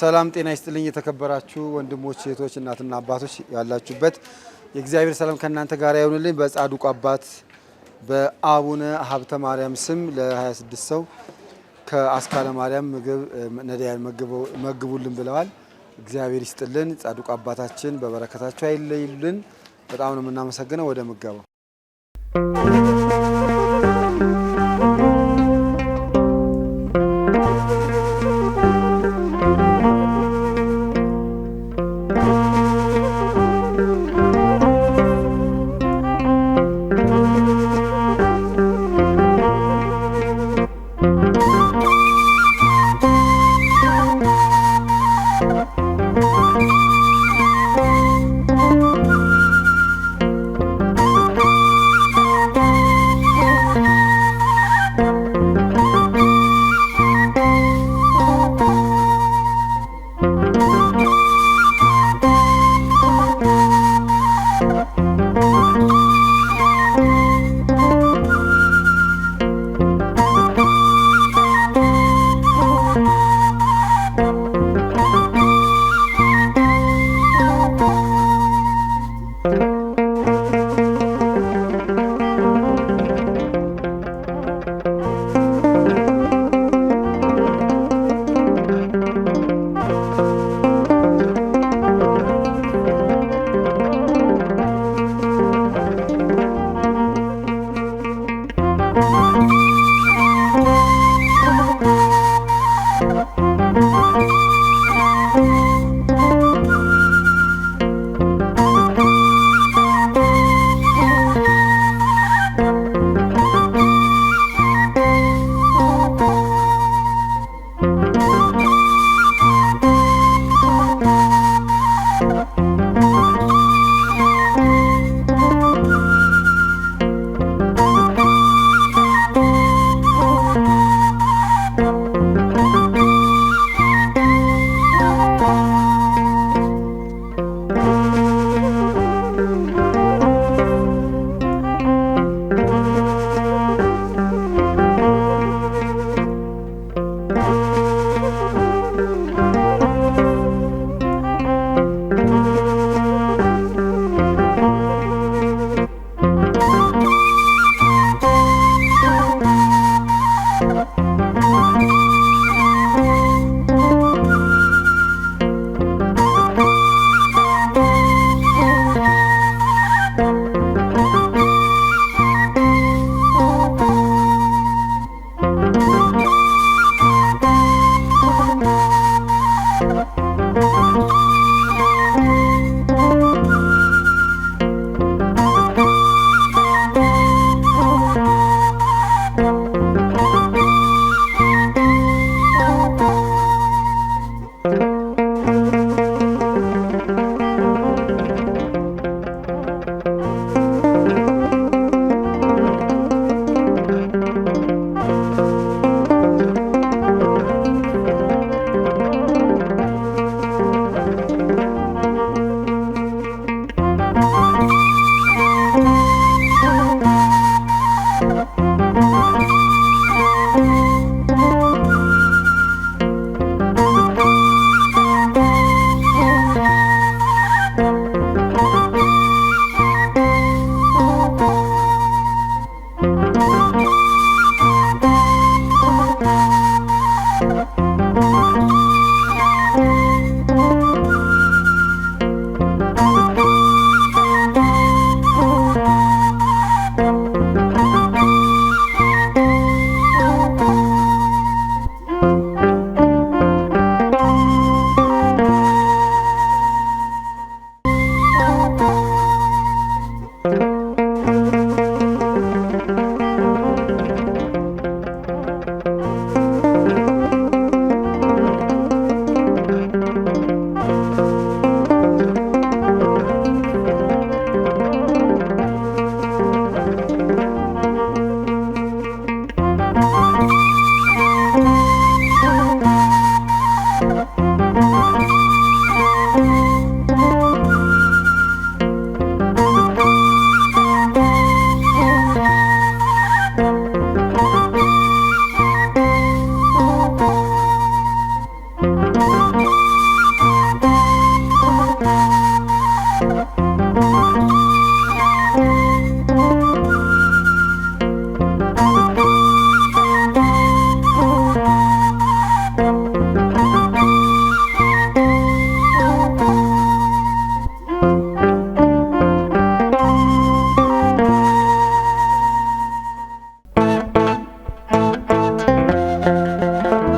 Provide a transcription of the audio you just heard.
ሰላም ጤና ይስጥልኝ። የተከበራችሁ ወንድሞች፣ ሴቶች፣ እናትና አባቶች ያላችሁበት የእግዚአብሔር ሰላም ከእናንተ ጋር ይሁንልኝ። በጻድቁ አባት በአቡነ ሀብተ ማርያም ስም ለ26 ሰው ከአስካለ ማርያም ምግብ ነዳያን መግቡልን ብለዋል። እግዚአብሔር ይስጥልን። ጻድቁ አባታችን በበረከታቸው አይለይልን። በጣም ነው የምናመሰግነው። ወደ ምገባው